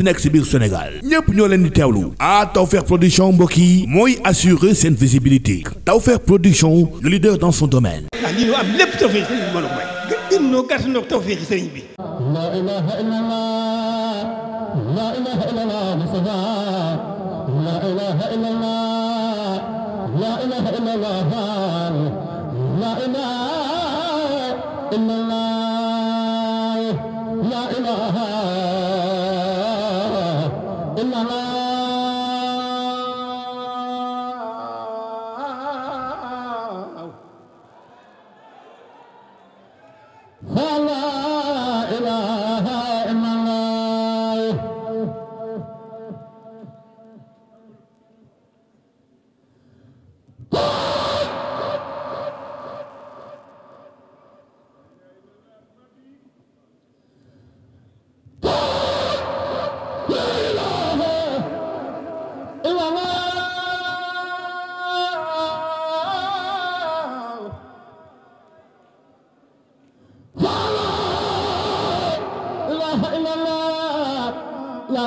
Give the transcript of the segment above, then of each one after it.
munti nekk si biir Sénégal ñépp ñoo leen di teewlu ah Tawfekh production mbokk yi mooy assurer seen visibilité Tawfekh production le leader dans son domaine. ah lii ñu am lépp Tawfekh sëriñ bi mën a may. gën ñoo gàtt ñoo Tawfekh sëriñ bi. la ilaha illallah la ilaha illallah la ilaha illallah la ilaha illallah la ilaha illallah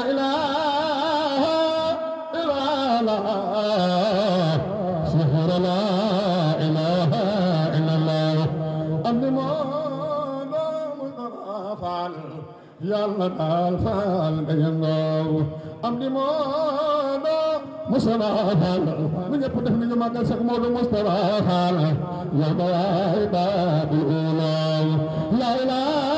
yàlla daal faal nga yëngoo am di moodo Mustafa faal mu ñëpp def nañu màggal sax moodo Mustafa faal yàlla waay baab yi ulaaw laa ilaa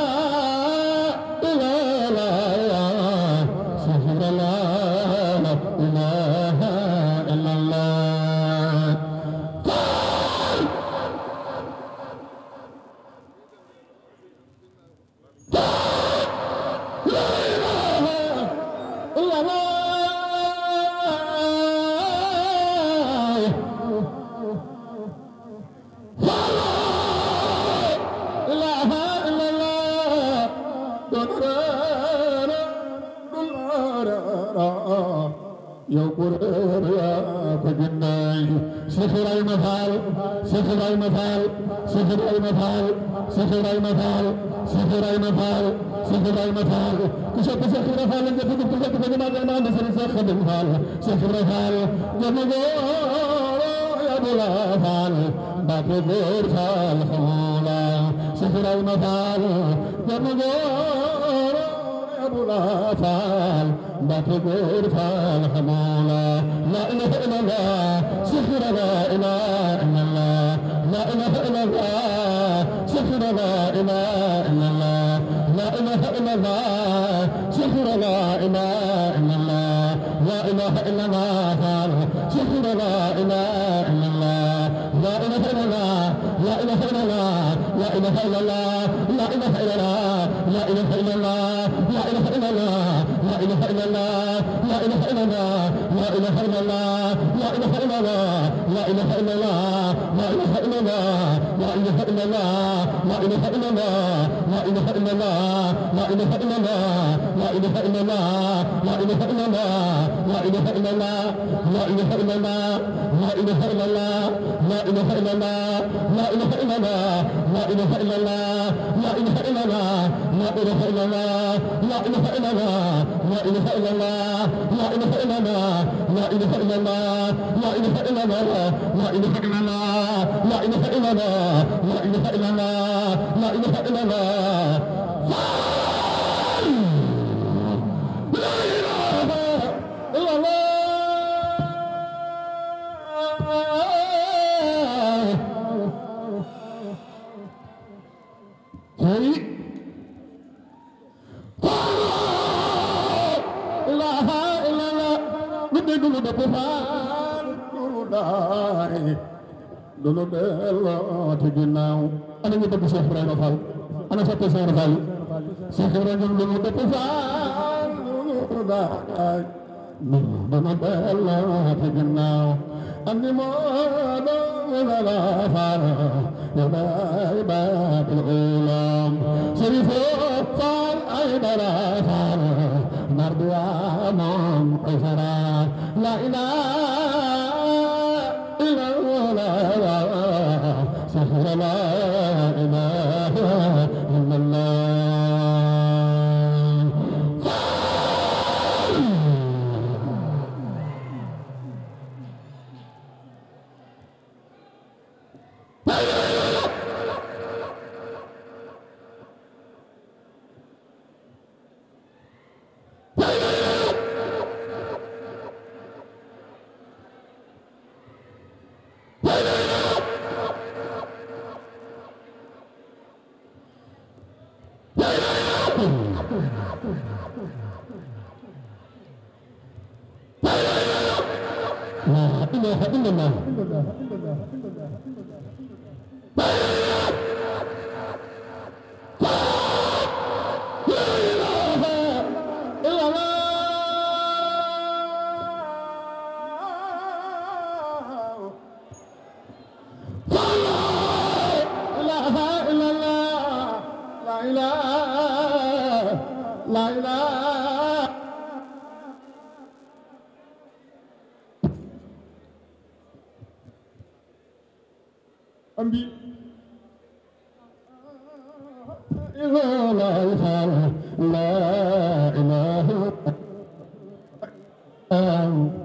إلا الله سحر لا إله إلا الله لا إله إلا الله سحر لا إله إلا الله لا إله إلا الله سحر لا إله إلا الله لا إله إلا الله لا إله إلا الله لا إله إلا الله بمن الله في النار النمار ولا فارغ ولا عباد الغلام شريف صار عبر فارغ مرضي امام قفرا لا اله الا الله سهر لا Um,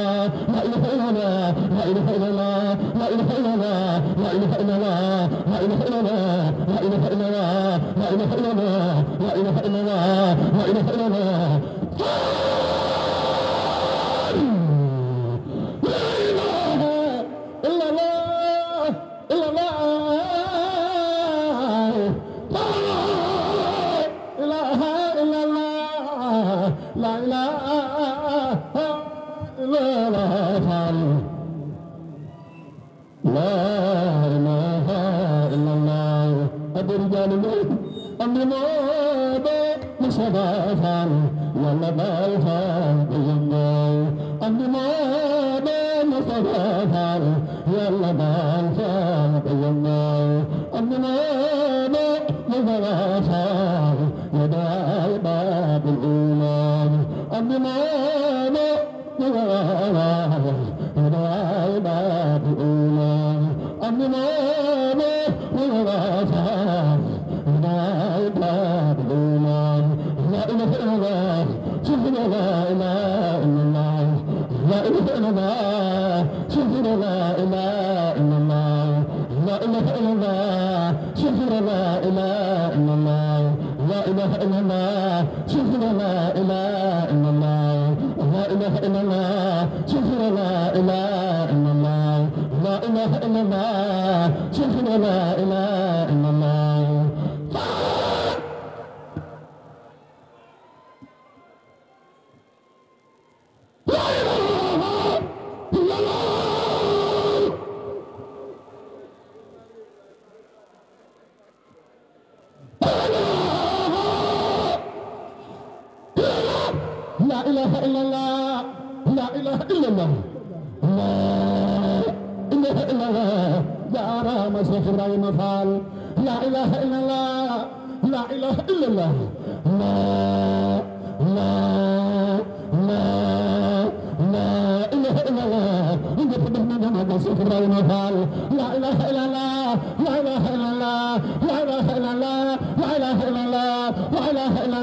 لا إله إلا الله العالمين أمر ماذا لصباحا ولا بالها بيما أمر ماذا لصباحا ولا بالها بيما أمر ماذا لصباحا وداع الباب الأولى أمر ماذا لصباحا وداع الباب الأولى أمر ماذا لا إله إلا الله Cheikh Ibrahima Fall la ilaha illallah la ilaha illallah la la la la ilaha illallah ñëpp def na jàmm Cheikh Ibrahima Fall la ilaha illallah la ilaha illallah la ilaha illallah la ilaha illallah la ilaha illallah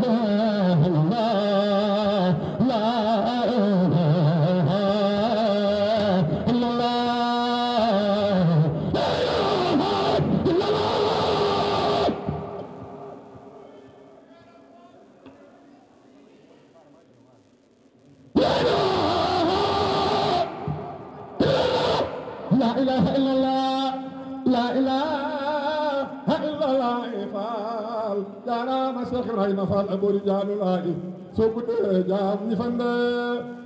له soo guddee jaam ñi fande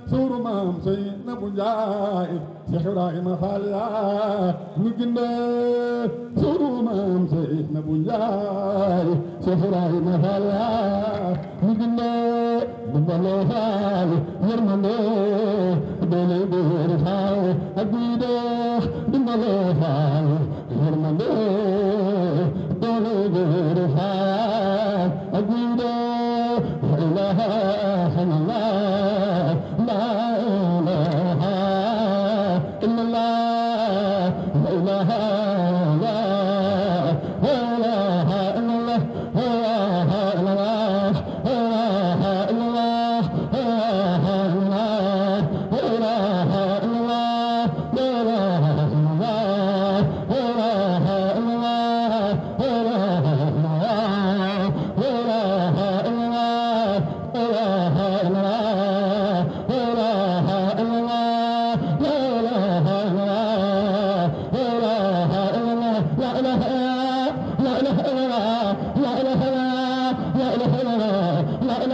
suuru maam sey na bu njaay Seex Ibrahima Faal yaa ñu ginde suuru maam sey na bu njaay Seex Ibrahima Faal yaa ñu ginde dimbaloo faal yërmande doole góor faal ak guy deex dimbaloo faal yërmande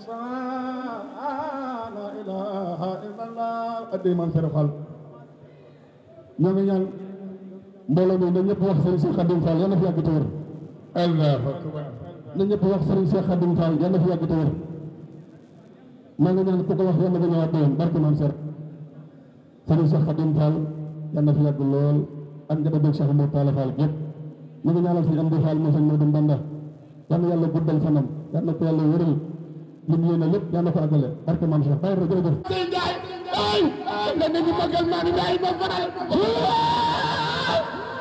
Musaa la ilaha illallah addi man sere Fall ñoo ngi ñëpp wax Serigne Cheikh Khadim Fall na fi yàgg te wér Allahu akbar na ñëpp wax ñu ngi ñaanal Serigne Amdi Fall moo sëñ Modou Mbanda yàlla yàlla guddal fanam yàlla ko yàlla wéral li mu yéene lépp yàlla ko àggale barke maam Cheikh Baye Rajab jërëjëf Sëriñ Ndiaye ay la nañu magal maam Ndiaye ma faral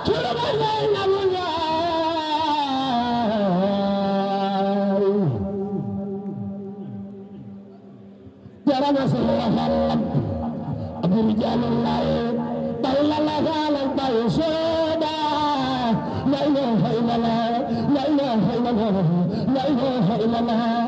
cura bay lay yàlla yaay jarama sala xalam abdou jalal lay balla la xalam bay soda la ilaha illallah la ilaha illallah la ilaha illallah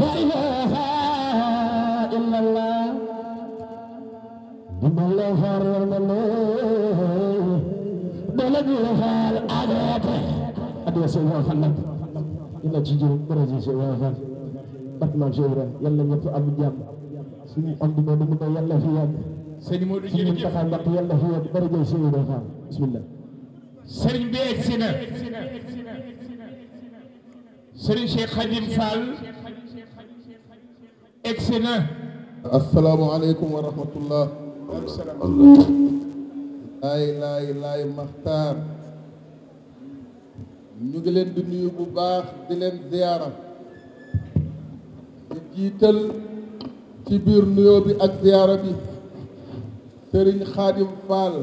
لا إله إلا الله بلغ الرمل بلغ العدد أدوى سوى خلق إلا تجي برزي سوى خلق بطل جورا يلا نفع أبو جام سني أمد مدمنا يلا في يد سني مولو جيري جيري يلا في يد برزي سوى خلق بسم الله sëriñ bi egsi na sëriñ Cheikh Khadim Fall egsi na asalaamualeykum wa rahmatullah laay laay maxtaar ñu ngi leen di nuyu bu baax di leen ziyaara di jiital ci biir nuyoo bi ak ziyaara bi sëriñ xaadim faal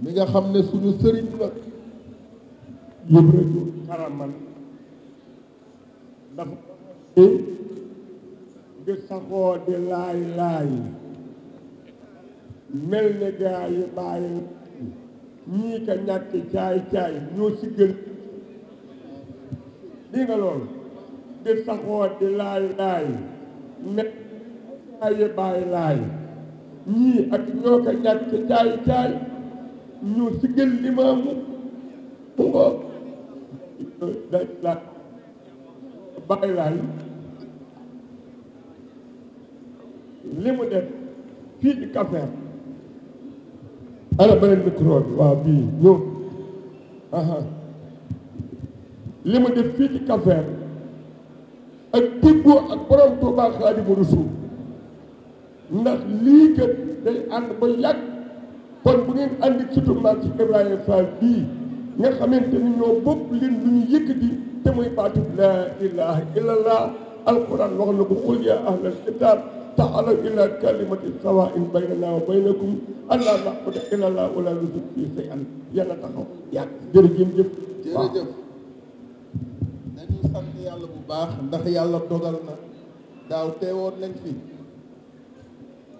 mi nga xam ne suñu sëriñ la yëpp rek karaman dafa di saxoo di laay laay mel ne gaa yi bàyyi ñii ka ñàkk caay caay ñoo si gën nga loolu di saxoo di laay laay mel gaa yi bàyyi laay ñii ak ñoo ka ñàkk caay caay ñoo si gën limaamu bu ko dañ la laay li mu def fii ci Kaffrine ana beneen micro bi waaw bii ñëw li mu def fii ci Kaffrine ak tiggoo ak borom Tuubaa Xaadimu Rasuul ndax lii kat day ànd ba yàgg kon bu ngeen àndi surtout ci Ibrahima Fall bii nga xamante ni ñoo bopp leen lu ñu yëkkati te muy baatub laa ilaha illallah alquran wax na ko xul yaa ahlal kitaab tax تعالوا إلى كلمة سواء بيننا وبينكم ألا نعبد إلا الله ولا نشرك به شيئا yàlla taxaw yàlla jërëjëf jëf jërëjëf dañuy sant yàlla bu baax ndax yàlla dogal na daaw teewoon nañ fi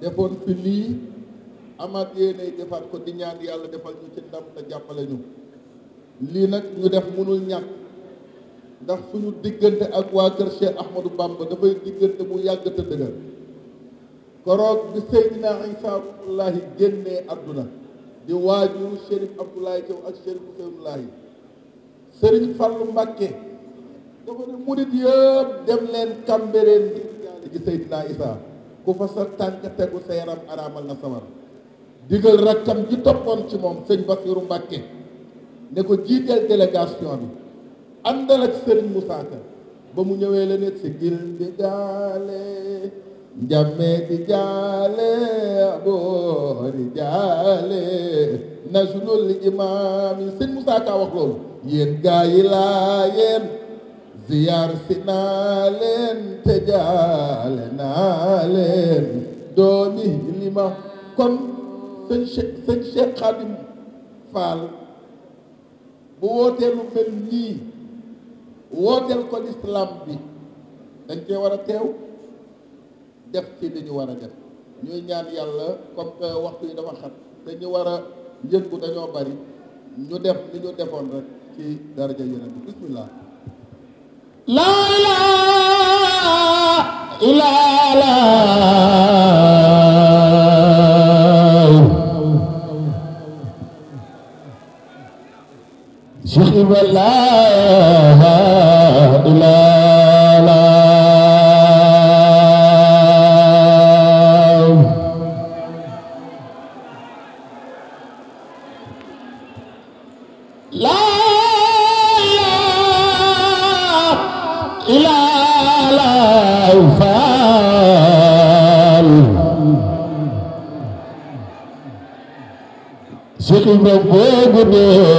defoon fi lii amaat yéenay defaat ko di ñaan yàlla defal ñu ci ndam te jàppale ñu lii nag ñu def mënul ñàkk ndax suñu diggante ak waa kër Cheikh Ahmadou Bamba dafay diggante mu yàgg te dëgër koroog bi Seydina Isa Abdullahi génnee àdduna di waajuru Chérif Abdoulaye Thiaw ak Chérif Ousseynou Serigne Fallou Mbacké dafa di jaale ji Seydina Isa ku fa sa tànk tegu sa yaram araamal na sawar digal rakkam ji toppoon ci moom sëñ Bassirou Mbacké ne ko jiiteel délégation bi àndal ak Serigne Moussa ba mu ñëwee la si gil di njame di jaale aboori jaale nasulul imaam yi sëñ Moussa wax loolu yéen gaa yi laa yéen ziyaar si naa leen te jaale naa leen doomi lima kon sëñ Cheikh sëñ Cheikh Khadim Fall bu wootee lu mel nii wooteel ko lislaam bi dañ cee war a teew def ci li ñu war a def ñuy ñaan yàlla comme waxtu yi dafa xat te ñu war a yëngu dañoo bari ñu def ñu defoon rek ci daraja yeneen bi bismillah la ilaha illallah Cheikh Ibrahima moo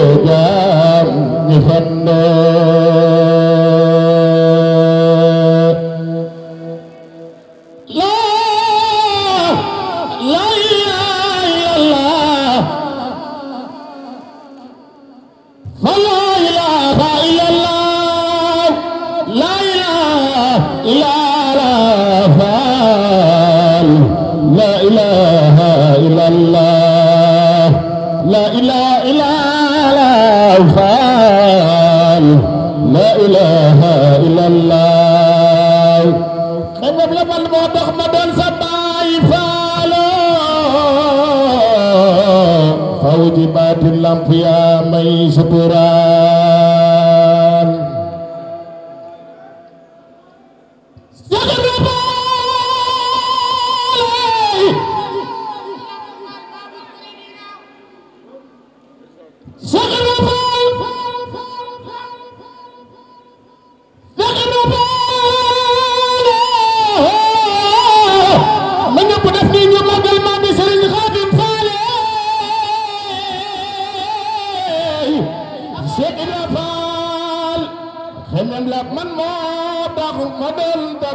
xemem la man moo tax ma doon ta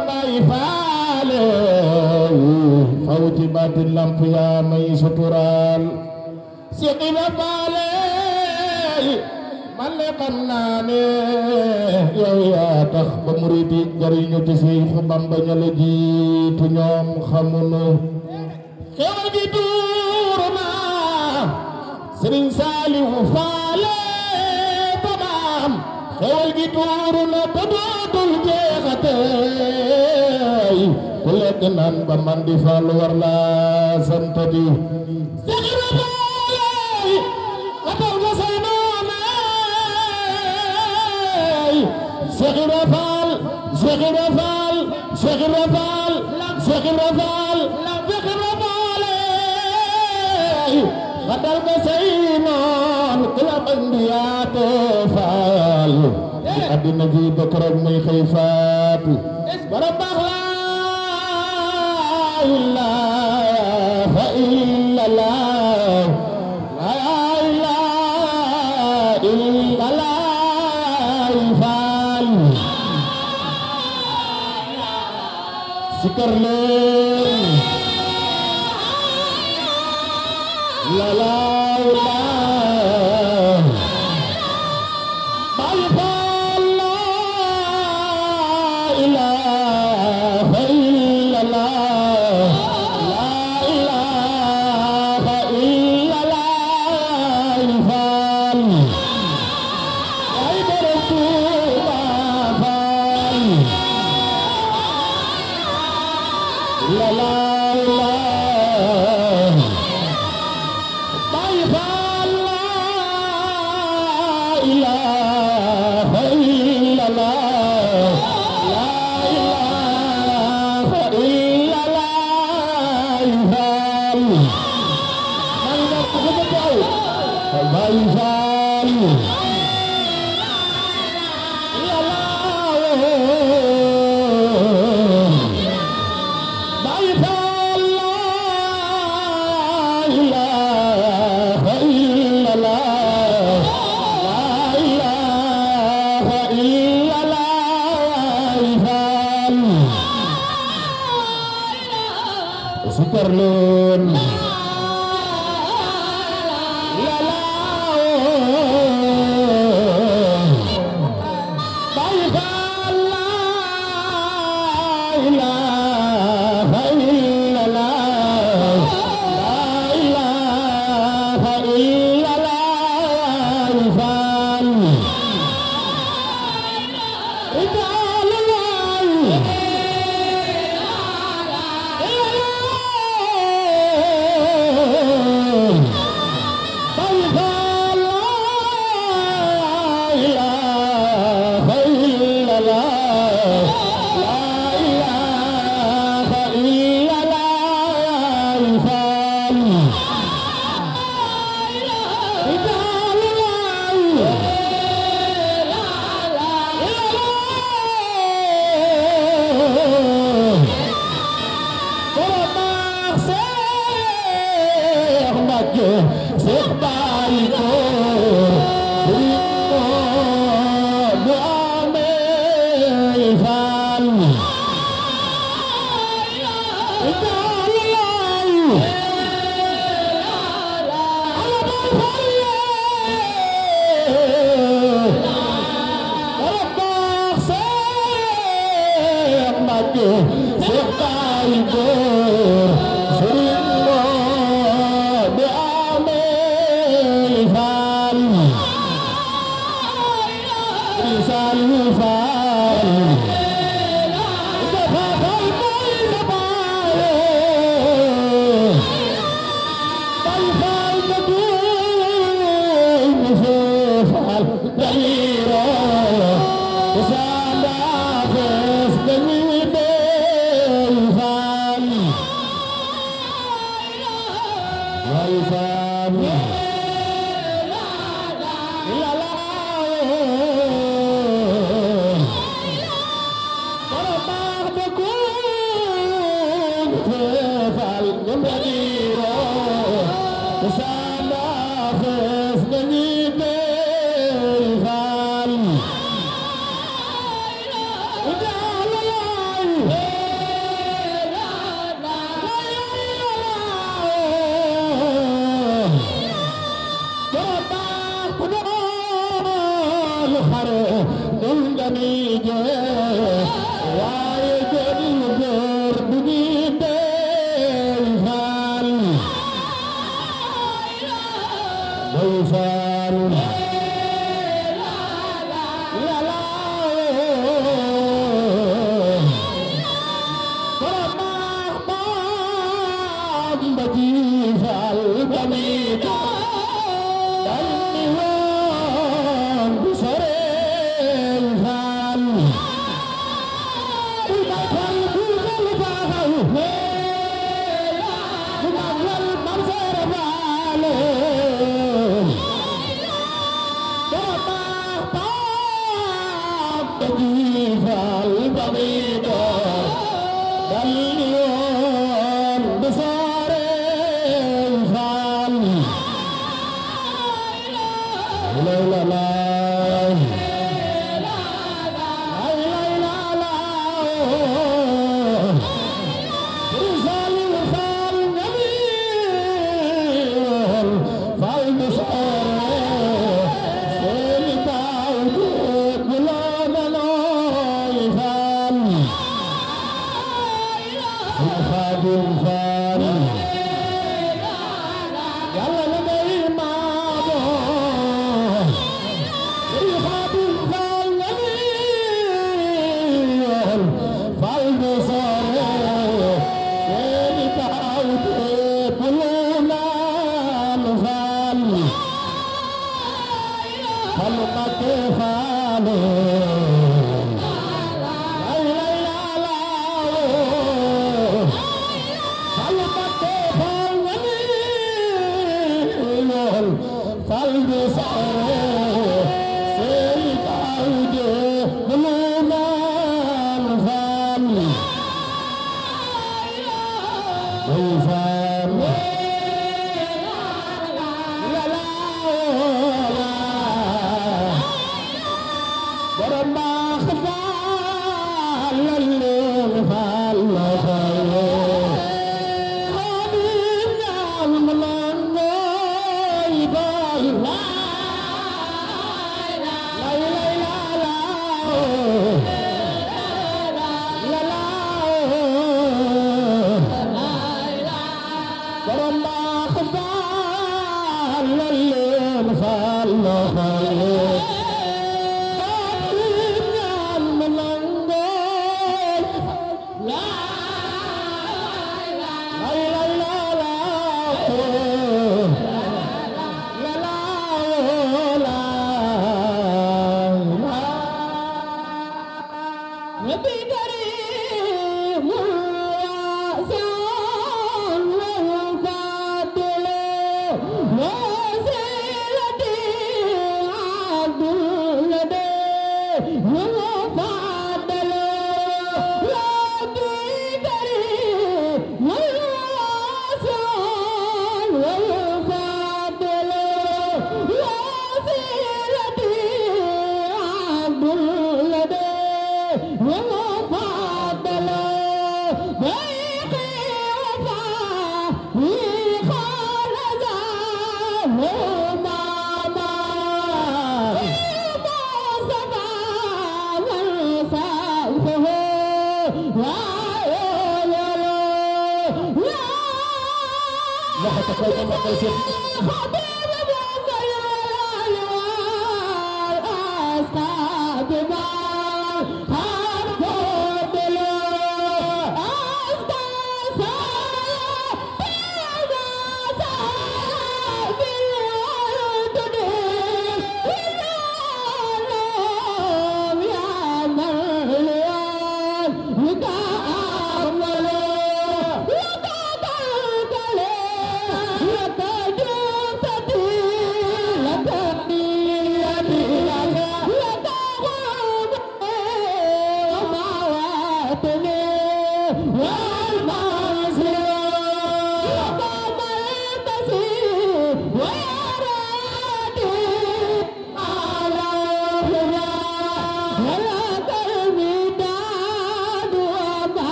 faale faw ci baati lamp yaa may suturaal si xiba faale man le xam naa tax ba murid yi jariñu ci Seexu Bamba ña jiitu ñoom xamunu xewal gi tuuru na Sëriñ Saaliwu Faal xeer gi tuuru na te dootul jeexatey ku lekk naan ba man di faal war laa sant di Seexira Faal Seexira Faal Seexira Faal Seexira Faal Seexira Faal ba dal ba say noon ku la bañ di yaatee ci àddina gi ba keroog muy xëy faatu borom baax laa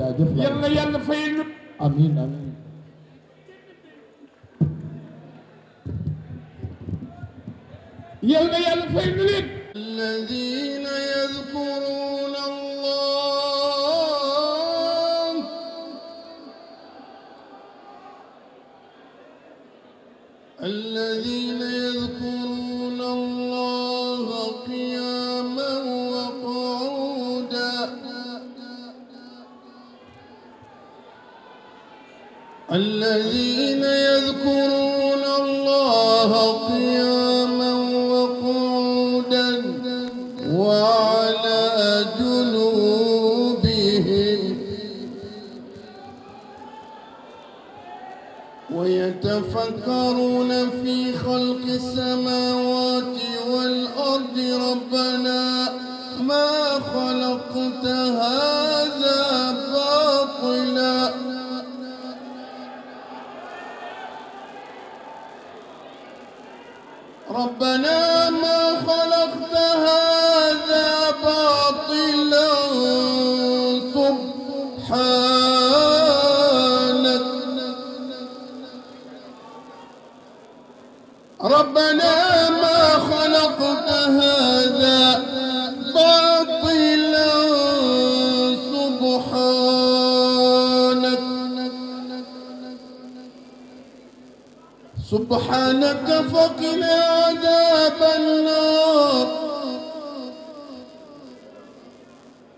jaajëf يسارعون في خلق السماوات والأرض ربنا ما خلقت هذا باطلا ربنا سبحانك فقنا عذاب النار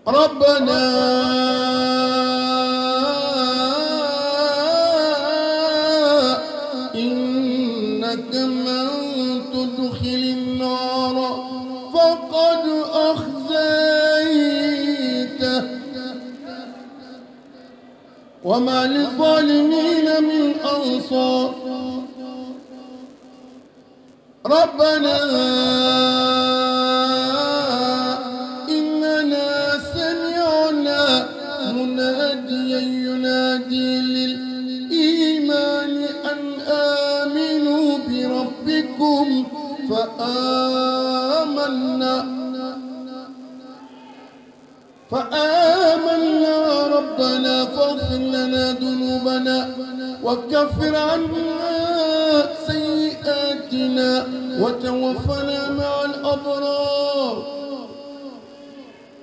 ربنا إنك من تدخل النار فقد أخزيته وما للظالمين من أنصار ربنا إننا سمعنا مناديا ينادي للإيمان أن آمنوا بربكم فآمنا فآمنا ربنا فاغفر لنا ذنوبنا وكفر عنا سيئاتنا وتوفنا مع الأبرار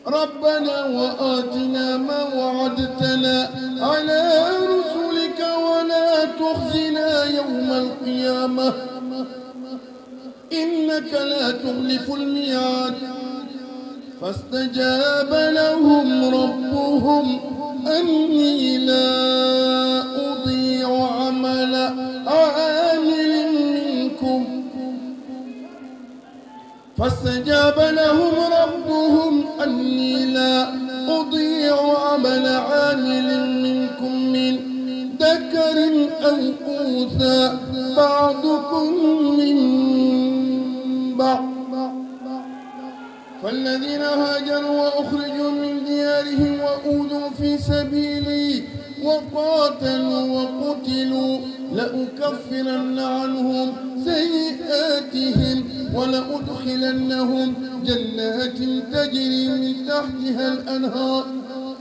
ربنا وآتنا ما وعدتنا على رسلك ولا تخزنا يوم القيامة إنك لا تخلف الميعاد فاستجاب لهم ربهم أني لا أضيع عمل أعمال فاستجاب لهم ربهم أني لا أضيع عمل عامل منكم من ذكر أو أنثى بعضكم من بعض فالذين هاجروا وأخرجوا من ديارهم وأوذوا في سبيلي وقاتلوا وقتلوا لأكفرن عنهم سيئاتهم ولأدخلنهم جنات تجري من تحتها الأنهار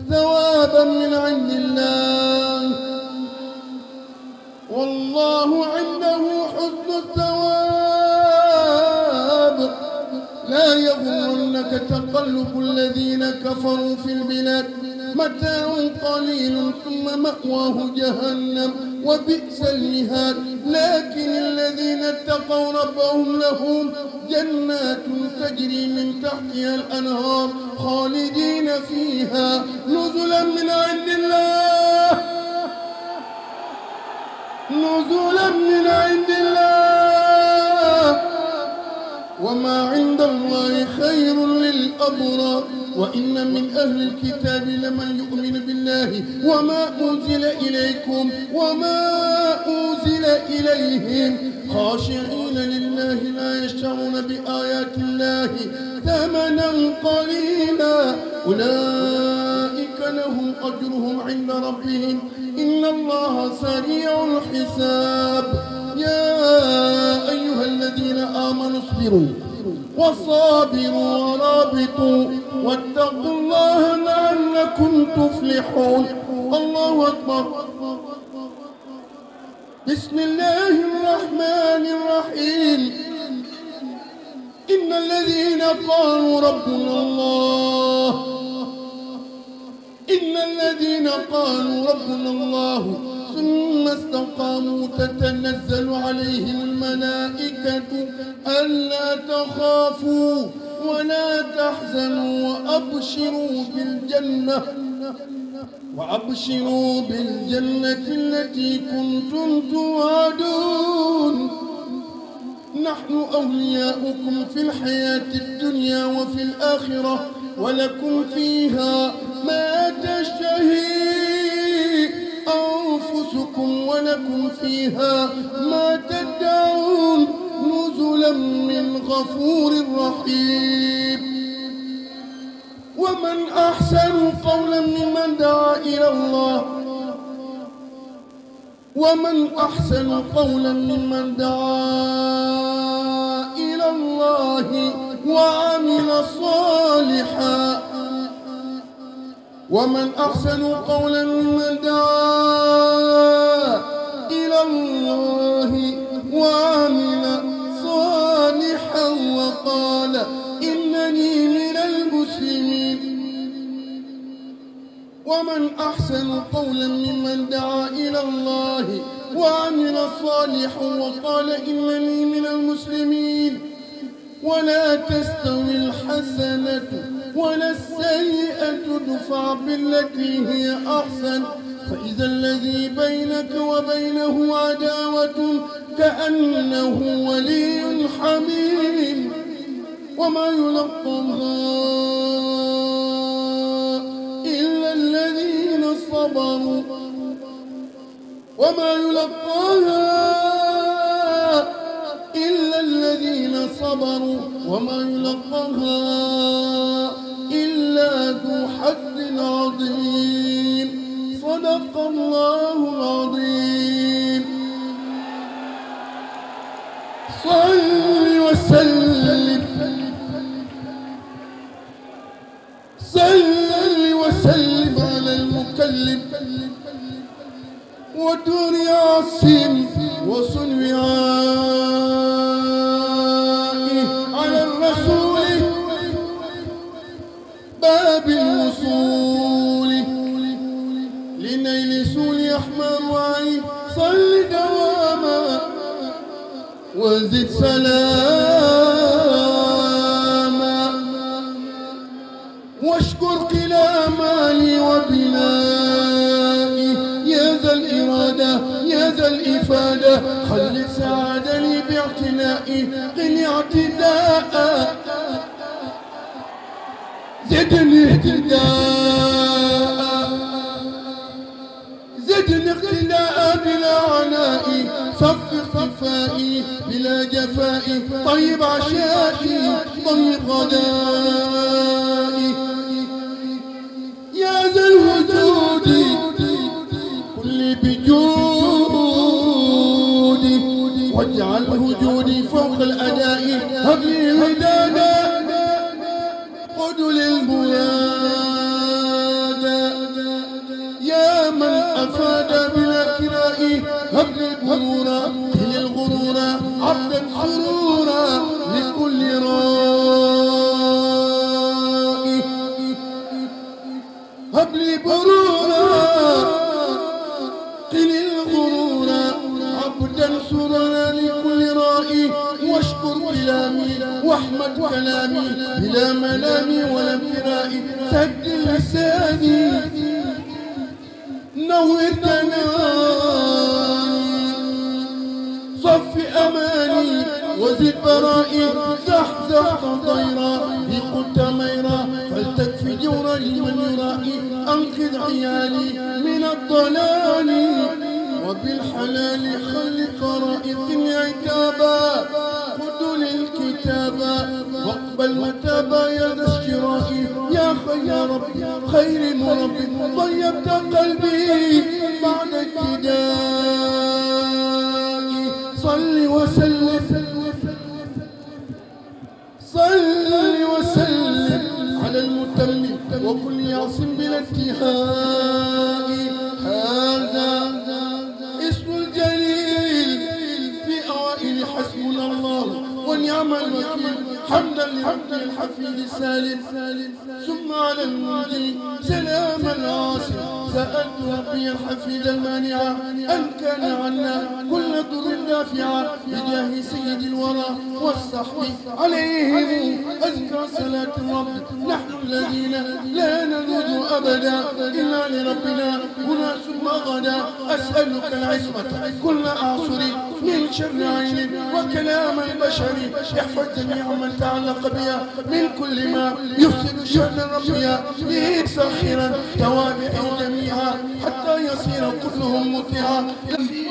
ثوابا من عند الله والله عنده حسن الثواب لا يغرنك تقلب الذين كفروا في البلاد متاع قليل ثم مأواه جهنم وبئس المهاد لكن الذين اتقوا ربهم لهم جنات تجري من تحتها الأنهار خالدين فيها نزلا من عند الله نزلا من عند الله وما عند الله خير للأبرار وإن من أهل الكتاب لمن يؤمن بالله وما أنزل إليكم وما أنزل إليهم خاشعين لله لا يشترون بآيات الله ثمنا قليلا أولئك لهم أجرهم عند ربهم إن الله سريع الحساب يا أيها الذين آمنوا اصبروا وصابروا ورابطوا واتقوا الله لعلكم تفلحون الله أكبر بسم الله الرحمن الرحيم إن الذين قالوا ربنا الله إن الذين قالوا ربنا الله ثم استقاموا تتنزل عليهم الملائكة ألا تخافوا ولا تحزنوا وأبشروا بالجنة وأبشروا بالجنة التي كنتم توعدون نحن أولياؤكم في الحياة الدنيا وفي الآخرة ولكم فيها ما تشتهي أنفسكم ولكم فيها ما تدعون نزلا من غفور رحيم ومن أحسن قولا ممن دعا إلى الله ومن أحسن قولا ممن دعا إلى الله وعمل صالحا ومن أحسن قولا من دعا إلى الله وعمل صالحا وقال إنني من المسلمين ومن أحسن قولا ممن دعا إلى الله وعمل صالحا وقال إنني من المسلمين ولا تستوي الحسنة ولا السيئة ادفع بالتي هي أحسن فإذا الذي بينك وبينه عداوة كأنه ولي حميم وما يلقاها إلا الذين صبروا وما يلقاها إلا الذين صبروا وما يلقاها إلا ذو حد عظيم صدق الله العظيم صل وسلم صل وسلم على المكلم ودنيا سم وصنوها البراء زح زح ضيرا في قلت ميرا فلتكفي جورا لمن يرائي أنقذ عيالي من الضلال وبالحلال خلق رائق عتابا خذوا للكتابا واقبل متابا يا ذا الشراء يا خير رب خير مرب طيبت قلبي بعد الجدال صل وسلم على المتم وكن يعصم بلا انتهاء هذا اسم الجليل في اوائل حسبنا الله ونعم الوكيل حمدا لحمد الحفيظ السالم ثم على المهدي سلام العاصم شاء أن يلقي الحفيد المانعة أن كان عنا كل ضر دافعة بجاه سيد الورى والصحب عليهم أزكى صلاة الرب نحن الذين لا نلوذ أبدا إلا لربنا هنا ثم غدا أسألك العصمة كل عصر من شر عين وكلام البشر احفظ جميع من تعلق بها من كل ما يفسد شأن ربها به ساخرا توابع جميع جميعا حتى يصير كلهم مطيعا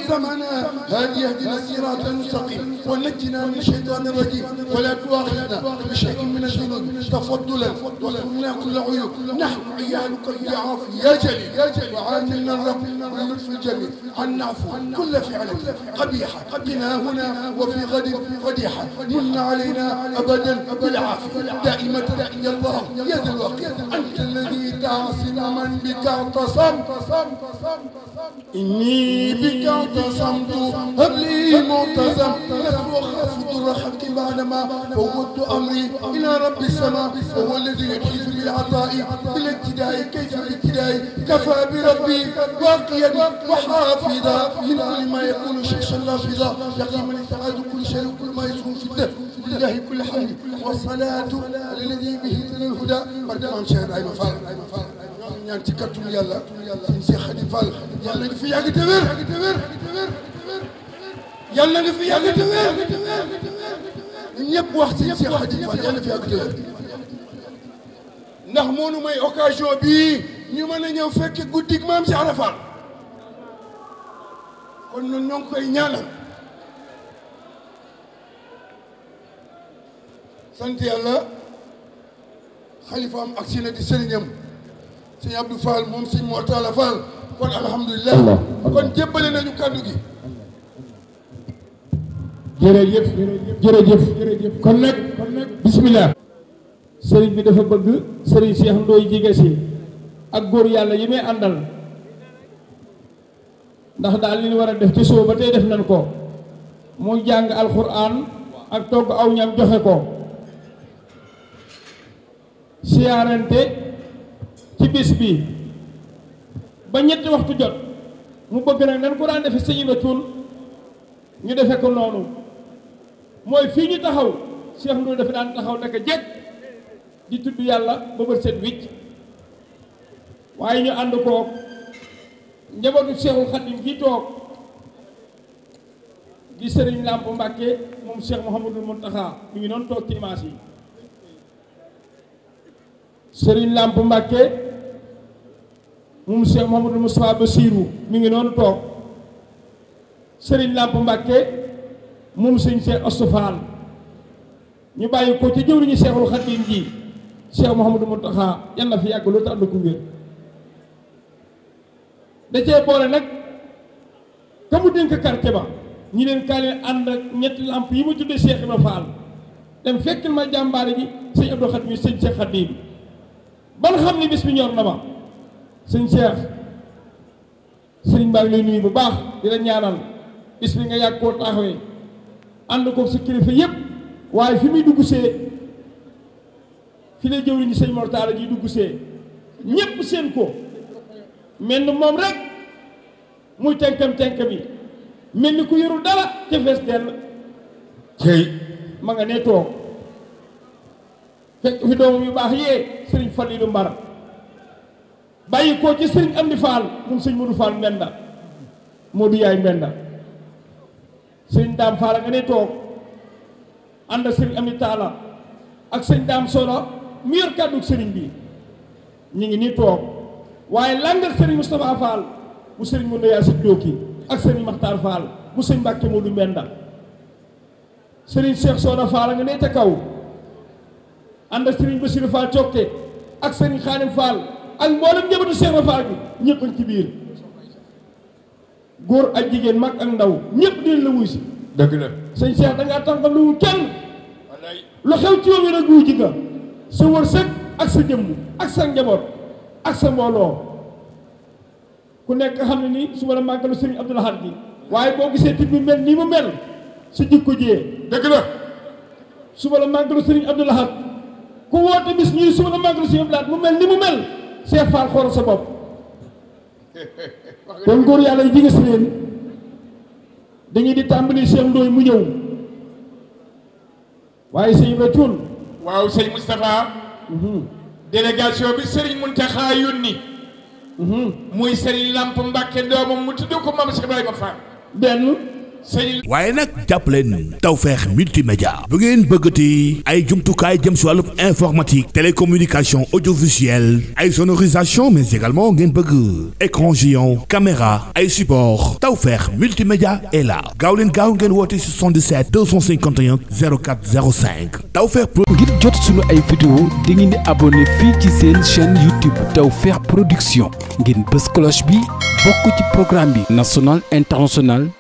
زمنا هذه يهدنا الصراط المستقيم ونجنا من الشيطان الرجيم ولا تؤاخذنا بشيء من الذنوب تفضلا وكلنا كل عيوب نحن عيالك يا عافي يا جليل يا جليل وعاملنا الرب باللطف الجميل عن نعفو كل فعل قبيحة قدنا هنا وفي غد فضيحة من علينا أبدا بالعافية دائمة يا الله يا ذا الوقت أنت الذي تعصم من بك اعتصم إني بك اعتصمت هب لي معتصم نفو خفض الرحم بعدما فوت أمري إلى رب السماء وهو الذي يحيز بالعطاء بالابتداء كيف الابتداء كفى بربي واقيا وحافظا من كل ما يكون شخصا لافظا يقيم لسعاد كل شيء وكل ما يسكن في الدف لله كل حمد والصلاة للذي به تنال الهدى مرد عن شهر أي مفارق ñu ñaan ci kàttanu yàlla suñu Cheikh Khady yàlla nga fi yàgg te wér yàlla nga fi yàgg te wér ñëpp wax ci Cheikh Khady Fall yàlla fi yàgg te wér ndax moo nu may occasion bii ñu mën a ñëw fekk guddig mam si Arafat kon ñun ñoo ngi koy ñaanal sant yàlla xalifaam ak si na di sëriñam sëñ Abdou Fall moom sëñ Mortala Fall kon alhamdulilah kon jébbale nañu kàddu gi jërëjëf jërëjëf kon nag bismillah sëriñ bi dafa bëgg sëriñ Cheikh Ndoye jige si ak góor yàlla yi may àndal ndax daal li war a def ci suba ba tey def nañ ko muy jàng alxuraan ak togg aw ñam joxe ko siyaarante ci bis bi ba ñetti waxtu jot mu bëgg nag nan daan defe sëñ Iba Cuun ñu defe ko noonu mooy fii ñu taxaw Cheikh Ndour dafa daan taxaw naka jekk di tudd yàlla ba bët set wicc waaye ñu ànd koog njabootu Cheikhul Xadim gi toog di sëriñ Làmp Mbàkke moom Cheikh Mouhamadul Muntaxa mi ngi noonu toog ci image yi sëriñ Làmp Mbàkke moom monsieur mu Moustapha Bassirou mu ngi noonu toog sëriñ Lamp Mbàkke moom sëñ Cheikh Oustafal ñu bàyyi ko ci jëwriñu Cheikhul Khadim ji Cheikh Mouhamadou Mountakha yal na fi yàgg loolu te ànd nag ka mu dénk quartier ba ñi leen kaa leen ànd ak yi ma tuddee Cheikh Ibra Fall dem fekk ma jàmbaare ji sëñ Abdou Khadim sëñ xam ne bis bi ñor na ma sëñ Cheikh sëriñ baa lay nuyu bu baax di la ñaanal bis bi nga yàgg koo taxawee ànd ko sa kilifa yëpp waaye fi muy dugg see fi la jëwriñu sëñ Mortala ji dugg see ñépp seen ko mel ni moom rek muy tenkam tenk bi mel ni ku yorul dara te fees dell tey ma nga ne toog fekk fi doomam yu baax yee sëriñ Falilu Mbar bàyyi ko ci sëriñ Amdi Fall moom sëñ Modou Fall Mbenda Modou Yaay Mbenda sëriñ Daam Fall nga ne toog ànd ak sëriñ Amdi Taala ak sëñ Daam Solo mi yor kàddu bi ñu ngi nii toog waaye langal sëriñ bu sëriñ Modou Yaay si Dooki ak sëriñ Makhtar Fall bu sëñ Mbàkke Modou Mbenda sëriñ Cheikh Soda Fall nga ne ca kaw ànd ak sëriñ Bassirou Fall Cokte ak sëriñ Xaadim Fall ak mboolem njabootu Cheikh Ibra Fall bi ñëpp ci biir góor ak jigéen mag ak ndaw ñëpp dinañ la wuy si. dëgg la sëñ Cheikh da ngaa tànqal lu kenn lu xew ci yow yi nag guy ji sa wërsëg ak sa jëmm ak sa njaboot ak sa mbooloo ku nekk xam ne ni su ma la màggalu sëriñ Abdou bi waaye boo gisee tit bi mel nii mu mel su jikko jiyee dëgg la su ma la màggalu sëriñ Abdou Lahad ku woote bis ñuy su ma la màggalu sëriñ Abdou mu mel ni mu mel Cheikh Fall xool sa bopp kon góor yàlla yi jigéen leen dañuy di tàmbali Cheikh Ndoye mu ñëw waaye sëñ Ba Thioune waaw sëñ Moustapha mhm. délégation bi Serigne Mountakha yónni mhm. muy Serigne Lamp Mbacke doomam mu tudd ko moom Cheikh Ibrahima Fall benn waaye nag jàppaleen Tawfekh multimédia bu ngeen bëggati ay jumtukaay jëm si wàllu informatique télécommunication audiovisuelle ay sonorisation mais également ngeen bëgg écran géant caméra ay support Tawfekh multimédia est là gaaw leen gaaw ngeen woote 77 251 04 05 Tawfekh ngir jot suñu ay vidéo di ngeen di abonné fii ci seen chaîne YouTube Tawfekh production ngeen bës cloche bi bokk ci programme bi national international